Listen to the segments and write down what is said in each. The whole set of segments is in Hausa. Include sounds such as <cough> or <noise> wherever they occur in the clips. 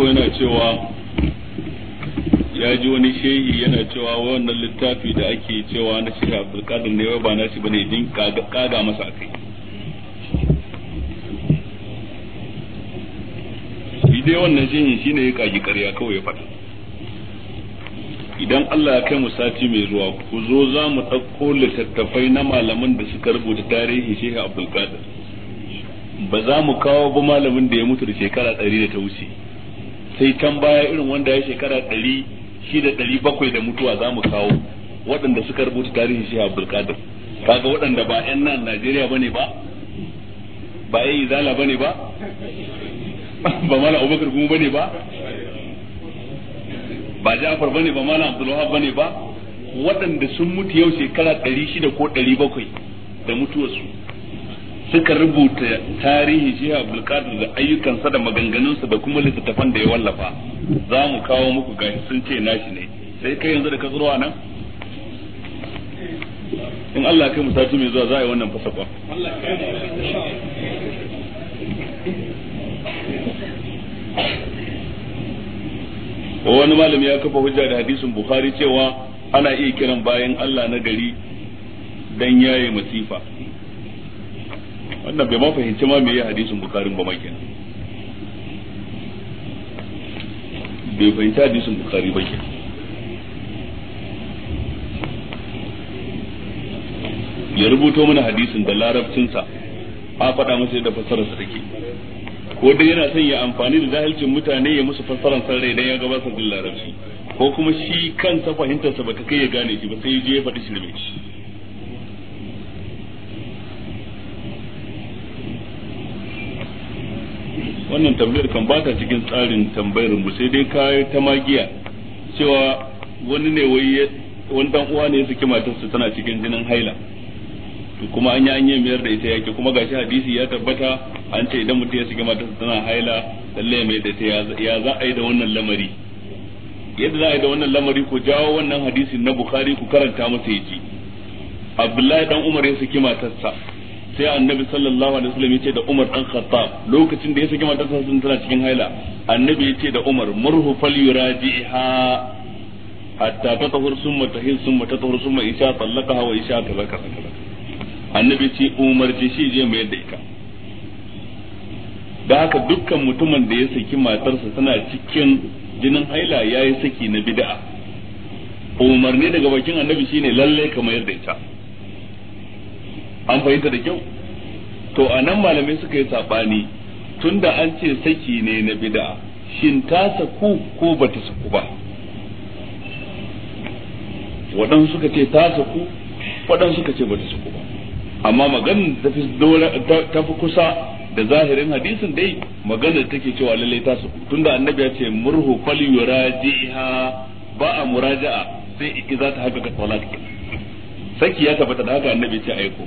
farko yana cewa ya ji wani shehi yana cewa wannan littafi da ake cewa na shi abdulkadir ne ba na shi bane din kaga masa akai shi dai wannan shehin shine ya kagi karya kawai ya faɗa idan Allah ya kai mu sati mai zuwa ku zo za mu ɗauko littattafai na malaman da suka rubuta tarihi shehi abdulkadir ba za mu kawo ba malamin da ya mutu da shekara ɗari da ta wuce sai can baya irin wanda ya shekara ɗari shida ɗari bakwai da mutuwa za mu kawo waɗanda suka rubuta tarihin shi abdulkadir kaga waɗanda ba 'yan nan najeriya bane ba ba 'yan izala bane ba ba mala abubakar kuma bane ba ba ja'far bane ba mala abdulwahab bane ba waɗanda sun mutu yau shekara ɗari shida ko ɗari bakwai da mutuwarsu suka rubuta tarihi shi abdulkadir da ayyukansa da maganganunsa da kuma littattafan da ya wallafa za mu kawo muku gashi sun ce nashi ne sai kai yanzu da ka tsoro nan in Allah kai mu sati mai zuwa za a yi wannan fasakwa wani malami ya kafa hujja da hadisin bukhari cewa ana iya kiran bayan Allah na gari dan yaye masifa wannan bai ma fahimci ma me ya hadisin bukarin ba makin bai fahimci hadisin bukari ba kenan ya rubuto mana hadisin da larabcinsa a faɗa masa yadda fassararsa take ko dai yana son ya amfani da zahilcin mutane ya musu fassarar san rai dan ya gabatar da larabci ko kuma shi kansa fahimtarsa sa baka kai ya gane shi ba sai ya je ya faɗi shirme shi wannan tambayar kan ba ta cikin tsarin tambayar mu sai dai ka ta magiya cewa wani ne wai wani dan uwa ne ya saki matarsa tana cikin jinin haila to kuma an yi an yi mayar da ita yake kuma gashi hadisi ya tabbata an ce idan mutum ya saki matarsa tana haila lalle mai da ta ya za a yi da wannan lamari yadda za a yi da wannan lamari ku jawo wannan hadisi na bukhari ku karanta masa yaji abdullahi dan umar ya saki matarsa sai annabi sallallahu alaihi wasallam yace da Umar dan Khattab lokacin da ya saki matarsa sun tana cikin haila annabi yace da Umar murhu falyurajiha hatta tatahur summa tahil summa tatahur summa isha tallaqaha wa isha talaka annabi ce umarci shi je mai da ita da haka dukkan mutumin da ya saki matarsa tana cikin jinin haila yayi saki na bid'a umarni daga bakin annabi shine lalle kamar yadda ya ita an fahimta da kyau to a nan malamai suka yi saɓani da an ce saki ne na bid'a shin ta saku ko ba ta saku ba waɗansu suka ce ta saku waɗansu suka ce ba ta saku ba amma maganin da ta fi kusa da zahirin hadisin dai maganar take cewa lalle ta saku da annabi ya ce murhu fal yurajiha ba a muraja'a sai za ta haka ka saki ya tabbata da haka annabi ya ce aiko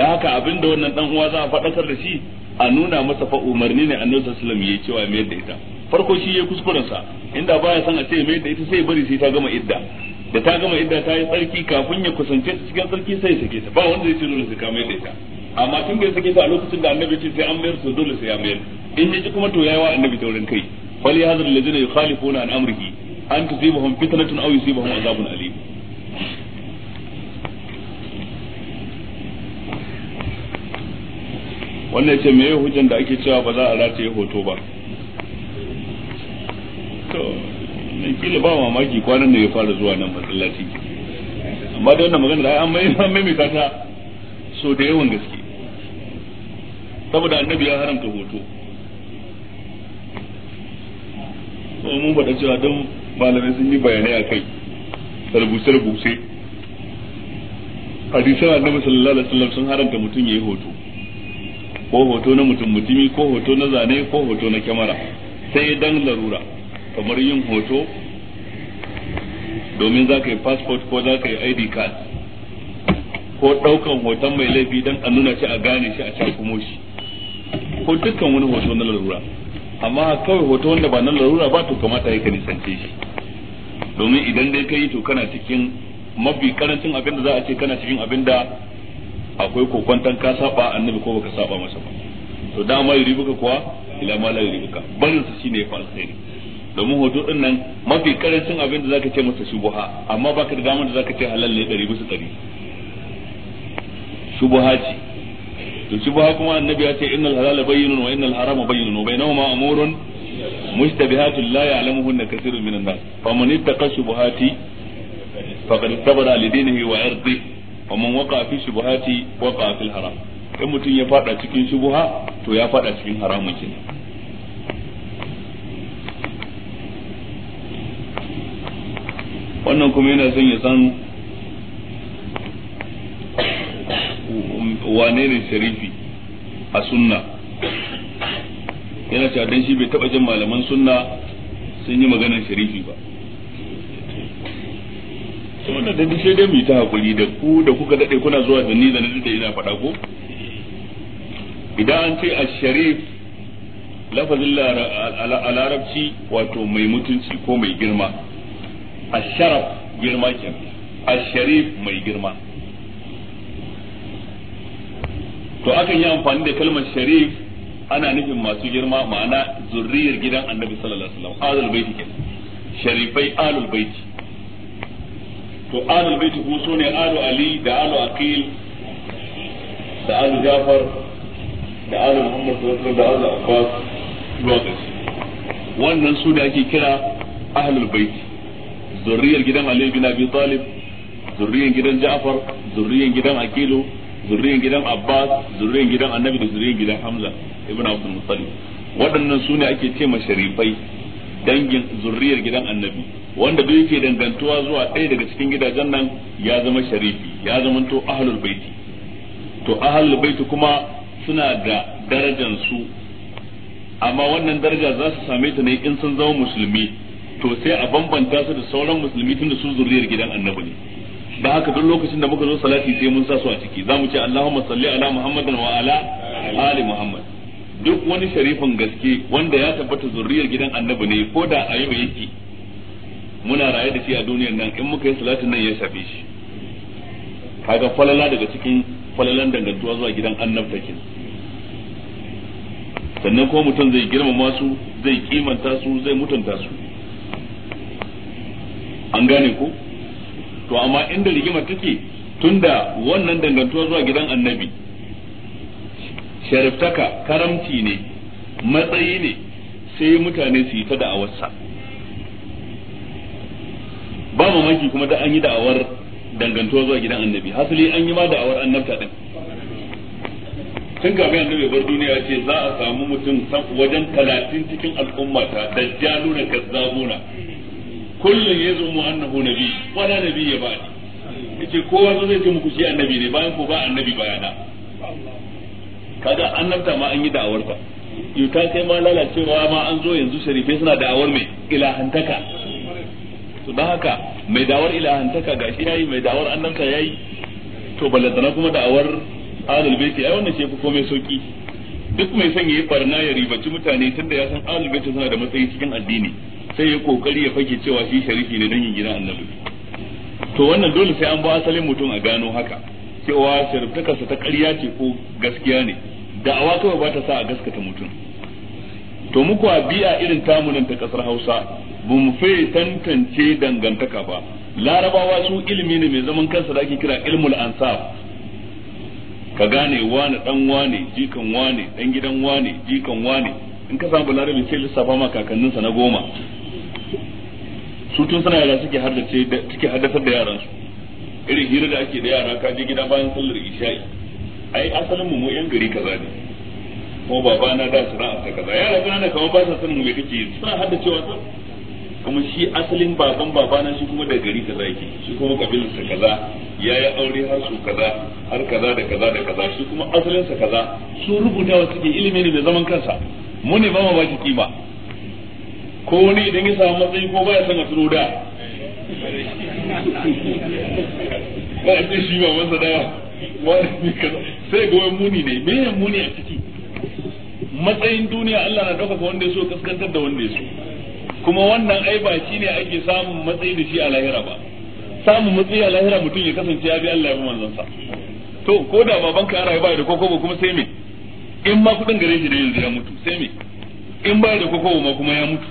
da haka da wannan dan uwa za a faɗakar da shi a nuna masa fa umarni ne annabi sallallahu alaihi wasallam yayi cewa mai da ita farko shi yayi kuskuren sa inda baya san a ce mai da ita sai bari sai ta gama idda da ta gama idda ta yi tsarki kafin ya kusance ta cikin tsarki sai sake ta ba wanda zai ce dole sai ka mai da ita amma tun da sake ta a lokacin da annabi ce sai an mayar su dole sai ya mayar in ya ji kuma to yayi wa annabi taurin kai fali hadar alladhina yukhalifuna an amrihi an tusibahum fitnatun aw yusibahum azabun alim wannan ce me hujjan da ake cewa ba za a rataye hoto ba to ne kila ba mamaki kwanan da ya fara zuwa nan masallaci amma da wannan magana da an mai an mai ta so da yawan gaske saboda annabi ya haramta hoto so mun bada cewa don malamai sun yi bayanai a kai rubuce-rubuce hadisan annabi sallallahu alaihi wasallam sun haramta mutum ya yi hoto ko hoto na mutum mutumi ko hoto na zane ko hoto na kyamara sai dan larura kamar yin hoto domin za ka yi passport ko za ka yi id card ko ɗaukan hoton mai laifi don a nuna shi a gane shi a cakumo shi ko dukkan wani hoto na larura amma kawai hoto wanda ba na larura ba to kamata ya ka nisance shi domin idan dai ka yi to kana cikin mafi karancin abin da za a ce kana cikin abin da akwai kokwantan ka saba annabi ko baka saba masa ba to dama yuribuka kuwa ila ma la yuribuka barin su shine fa alkhairi domin hoto din nan mafi karancin abin da zaka ce masa shubuha amma baka da damar da zaka ce halal ne 100 bisa 100 shubuha ce to shubuha kuma annabi ya ce innal halala bayyinun wa innal harama bayyinun wa bainahuma amurun mushtabihatun la ya'lamuhunna kathirun minan nas faman ittaqa shubuhati faqad sabara li dinihi wa irdihi wa man waqa fi shubuhati waqa fil haram in mutum ya fada cikin shubuha to ya fada cikin haramun kenan wannan kuma yana son ya san wane ne sharifi a sunna yana cewa dan shi bai taba jin malaman sunna sun yi maganar sharifi ba to wannan da dishe dai mu ta hakuri da ku da kuka dade kuna zuwa da ni da ni da ina faɗa ko idan an ce ash-sharif lafazin larabci wato mai mutunci ko mai girma ash-sharaf girma kenan ash-sharif mai girma to akan yi amfani da kalmar sharif ana nufin masu girma ma'ana zurriyar gidan annabi sallallahu alaihi wasallam alul baiti kenan sharifai alul baiti to alul baiti su ne alu ali da alu akil da alu jafar da alu muhammad sallallahu da alu abbas zuwa gaske wannan su da ake kira ahlul baiti zurriyar gidan ali bin abi talib zurriyar gidan ja'far zurriyar gidan akilu zurriyar gidan abbas zurriyar gidan annabi da zurriyar gidan hamza ibn abdul muttalib waɗannan su ne ake ce ma sharifai dangin zurriyar gidan annabi wanda duk yake dangantuwa zuwa ɗaya daga cikin gidajen nan ya zama sharifi ya zama to ahlul baiti to ahlul baiti kuma suna da darajar su amma wannan daraja za su same ta ne in sun zama musulmi to sai a bambanta su da sauran musulmi tunda su zurriyar gidan annabi ne da haka duk lokacin da muka zo salati sai mun sa su a ciki zamu ce Allahumma salli ala Muhammadin wa ala ali Muhammad duk wani sharifin gaske wanda ya tabbata zurriyar gidan annabi ne ko da a yau yake muna raye da shi a duniyar nan in muka yi salatin nan ya shafe shi kaga falala daga cikin falalan dangantuwa zuwa gidan annabta sannan ko mutum zai girmama su zai kimanta su zai mutunta su an gane ko to amma inda rigimar take tunda wannan dangantuwa zuwa gidan annabi sharaftaka karamci ne matsayi ne sai mutane su yi ta da'awarsa ba mamaki kuma da an yi da'awar dangantuwa zuwa gidan annabi hasali an yi ma da'awar annabta din tun kafin annabi bar duniya ce za a samu mutum wajen talatin cikin al'ummata da kazzabuna kullum ya zo mu annabu nabi wani nabi ya ba'di ce kowa zai ce muku shi annabi ne bayan ko ba annabi bayana kaga annabta ma an yi da'awar ta yuta sai ma lalacewa ma an zo yanzu sharife suna da'awar mai ilahantaka to dan haka mai da'awar ilahantaka gashi yayi mai da'awar annabta yayi to ballantana kuma da'awar ahlul baiti ai wannan shefu komai sauki duk mai son yayi barna ya ribaci mutane tunda ya san ahlul baiti suna da matsayi cikin addini sai ya kokari ya fake cewa shi sharifi ne dan yin gidan annabi to wannan dole sai an ba asalin mutum a gano haka cewa shariftakarsa ta ƙarya ce ko gaskiya ne da'awa kawai ba ta sa a gaskata mutum to muku a biya irin tamunan ta kasar Hausa ba mu tantance dangantaka ba larabawa su ilimi ne mai zaman kansa da ake kira ilmul ansab ka gane wane dan wane jikan wane dan gidan wane jikan wane in ka samu larabi sai lissafa ma kakanninsa na goma su tun suna yara suke haddace suke haddasar da yaransu irin hira da ake da yara ka gida bayan sallar isha'i ai asalin mu yan gari kaza ne ko baba na da sana'a ta kaza ya yara kana kamar ba sa san mu me kake suna hada cewa sa kuma shi asalin baban babana shi kuma da gari kaza yake shi kuma sa kaza ya yi aure har su kaza har kaza da kaza da kaza shi kuma sa kaza su rubutawa suke ilimi ne mai zaman kansa mu ne ba mu ba shi kima ko wani idan ya samu matsayi ko baya son a tuno da <laughs> ba a ce shi ba masa dawa wani ne kaza sai ga wani muni ne me yan muni a ciki matsayin duniya Allah na dauka wanda ya so kaskantar da wanda ya so kuma wannan ai ba shine ake samun matsayi da shi a lahira ba samun matsayi a lahira mutum ya kasance ya bi Allah ya bi manzon sa to ko da baban ka rayu bai da kokobo kuma sai me in ma kudin gare shi da yanzu ya mutu sai me in bai da kokobo ma kuma ya mutu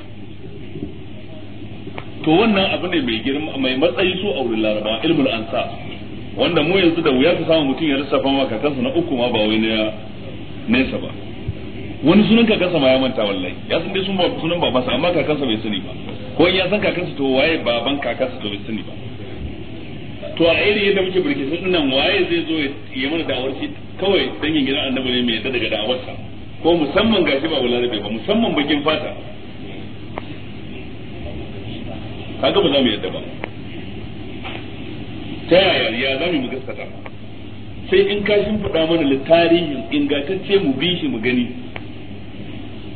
to wannan abu ne mai girma mai matsayi su a wurin laraba ilmul ansar wanda mu yanzu da wuya su samu mutum ya lissafa ma kakansa na uku ma ba wai na nesa ba wani sunan kakansa ma ya manta wallahi ya san dai sunan ba sunan amma kakansa bai sani ba ko ya san kakansa to waye baban kakansa to bai sani ba to a irin yadda muke birke sun nan waye zai zo ya mana da'awar shi kawai dangin gidan annabi ne mai yadda daga da'awarsa ko musamman gashi ba bularabe ba musamman bakin fata kaga ba za mu yadda ba ta yaya ya za mu gaskata sai in ka shin faɗa mana tarihin ingantacce mu bi shi mu gani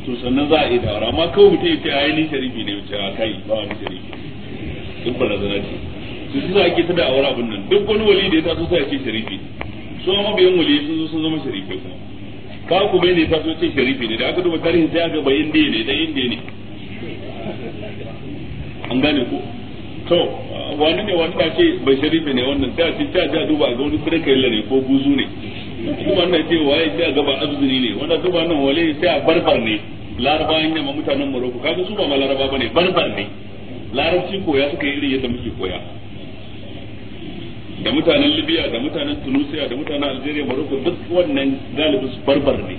to sannan za a yi dawara amma kawai mutum ya ce a ni sharifi ne wuce a kai ba wani sharifi duk ba razana ce su su ake ta da awara abin nan duk wani wali da ya taso sai ya ce sharifi su ma mabiyan wali sun zo sun zama sharifi kuma ka ku bai ne taso ce sharifi ne da aka duba tarihin sai aka bayin ne da yin ne an gane ko to wani ne wani ce bai sharife ne wannan ta ce ta ja duba ga wani sadaka yalla ne ko buzu ne kuma wannan ce waye ta ga ba azuri ne wannan duba nan wale sai a barbar ne laraba ne ma mutanen maroko kaga su ba ma laraba bane barbar ne larabci koya suka yi irin yadda muke koya da mutanen Libya da mutanen Tunisia da mutanen Algeria maroko duk wannan galibi su barbar ne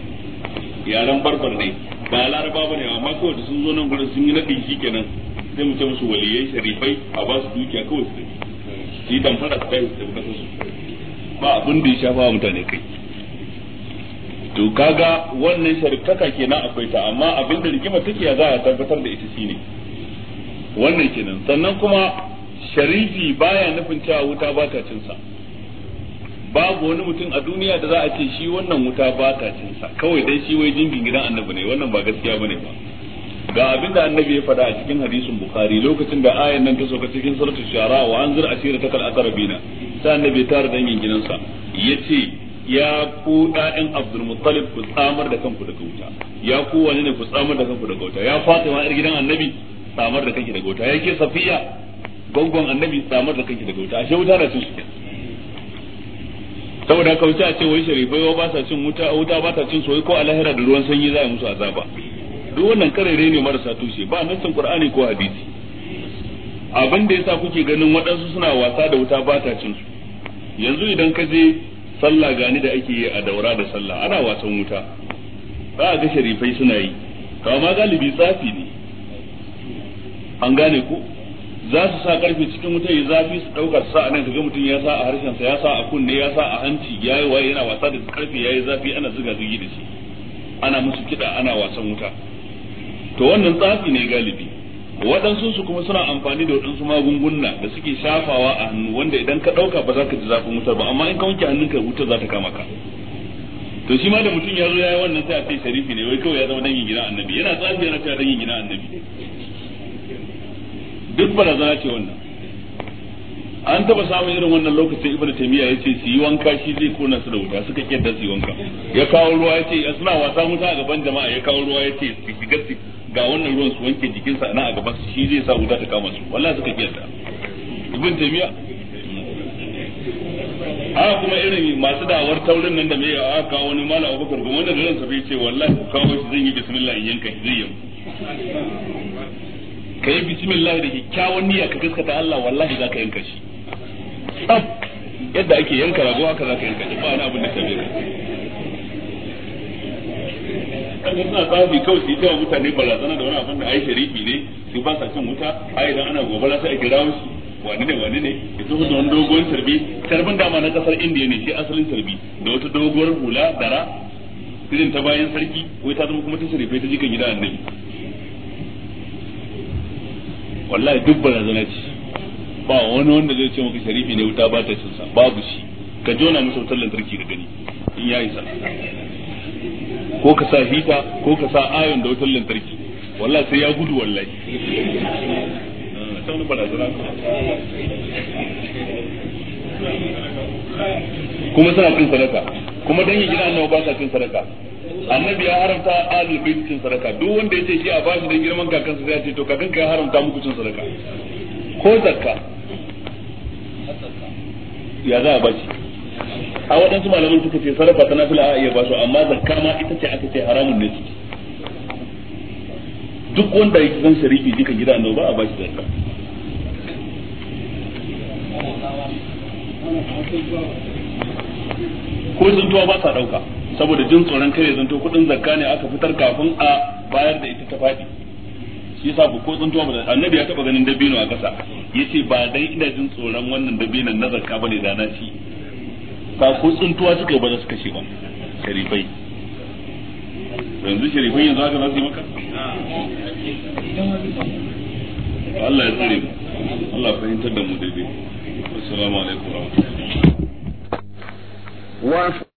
yaran barbar ne ba laraba bane amma kawai sun zo nan gurin sun yi nadi kenan sai mu ce musu waliyai sharifai a ba su dukiya kawai su shi dan fara su kai da bukatar su ba abin da ya shafa wa mutane kai to kaga wannan sharifaka kenan akwai ta amma abin da rigima take ya za a tabbatar da ita shine wannan kenan sannan kuma sharifi baya nufin cewa wuta ba ta cin sa babu wani mutum a duniya da za a ce shi wannan wuta ba ta cin sa kawai dai shi wai jingin gidan annabi ne wannan ba gaskiya bane ba ga abin da annabi ya faɗa a cikin hadisin bukhari lokacin da ayan nan ta sauka cikin suratu shara wa asiri ta kalakar bina ta annabi tare dangin gidansa yace ya ku ɗa'in abdul muttalib ku tsamar da kanku daga wuta ya ku wani ne ku tsamar da kanku daga wuta ya fatima yar gidan annabi tsamar da kanki daga wuta ke safiya gongon annabi tsamar da kanki daga wuta ashe wuta na cin su saboda haka a ce wai sharifai ba sa cin wuta wuta ba ta cin soyi ko a lahira da ruwan sanyi za a musu azaba duk wannan karere ne marasa tushe ba nassin qur'ani ko hadisi abin da yasa kuke ganin waɗansu suna wasa da wuta ba ta cin su yanzu idan ka je sallah gani da ake yi a daura da sallah ana wasan wuta za a ga sharifai suna yi to amma galibi tsafi ne an gane ku za su sa karfe cikin wuta ya zafi su dauka su sa anan kaga mutum ya sa a harshen sa ya sa a kunne ya sa a hanci yayi waye yana wasa da karfe yayi zafi ana zuga zugi da shi ana musu kida ana wasan wuta to wannan tsafi ne galibi waɗansu su kuma suna amfani da waɗansu magunguna da suke shafawa a hannu wanda idan ka ɗauka ba za ka ji zafin wutar ba amma in ka wanke hannunka wutar za ta kama ka to shi ma da mutum ya zo ya yi wannan sai a ce sharifi ne wai kawai ya zama dangin gina annabi yana tsafi yana cewa dangin gina annabi duk barazana ce wannan an taba samun irin wannan lokacin ibnu ya ce su yi wanka shi zai kona su da wuta suka kiyar da su yi wanka ya kawo ruwa ya ce suna wasa wuta a gaban jama'a ya kawo ruwa ce su shiga su ga wannan ruwan su wanke jikinsa na a gaban shi zai sa wuta ta kama su wallahi suka kiyarta ibn taymiya a kuma irin masu dawar taurin nan da mai a kawo wani mala abubakar kuma wanda da ransa bai ce wallahi kawo shi zan yi bismillah in yanka zai yi ka yi bismillah da kyakkyawan niyya ka gaskata Allah wallahi za ka yanka shi yadda ake yanka rago haka za ka yanka shi ba wani abin da ka bai kan suna tsafi kawai su yi cewa mutane barazana da wani abin da ai sharifi ne su ba sa cin wuta ai idan ana gobara sai a kira shi wani ne wani ne ya tafi da wani dogon tarbi tarbin dama na kasar indiya ne shi asalin tarbi da wata doguwar hula dara irin ta bayan sarki wai ta zama kuma ta sarife ta jikan gida annabi wallahi duk barazana ce ba wani wanda zai ce maka sharifi ne wuta ba ta cin sa babu shi ka jona musu wutar lantarki da gani in yayi sa ko ka sa hita ko ka sa ayon da wutar lantarki wallahi sai ya gudu wallahi ah, kuma suna cin sadaka kuma yi gidan annabi ba sa cin sadaka annabi ya haramta alul bait cin sadaka duk wanda yace shi a bashi da girman kakan sai ya ce to ka ya haramta muku cin sadaka ko zakka ya za a bashi a waɗansu malaman suka ce sarrafa ta nafila a iya ba su amma zakka ma ita ce aka ce haramun ne duk wanda ya san shariki duka gida annabi ba a bashi shi zakka ko zantuwa ba sa ɗauka saboda jin tsoron kare zanto kudin zakka ne aka fitar kafin a bayar da ita ta faɗi shi yasa ko zantuwa ba annabi ya taɓa ganin dabino a ƙasa yace ba dai ina jin tsoron wannan dabinon na zakka bane da na shi ka ko tsuntuwa suka yi ba za su kashe ba sharifai yanzu sharifai yanzu haka za su yi maka Allah ya tsare mu Allah fahimtar da mu daidai assalamu alaikum wa rahmatullahi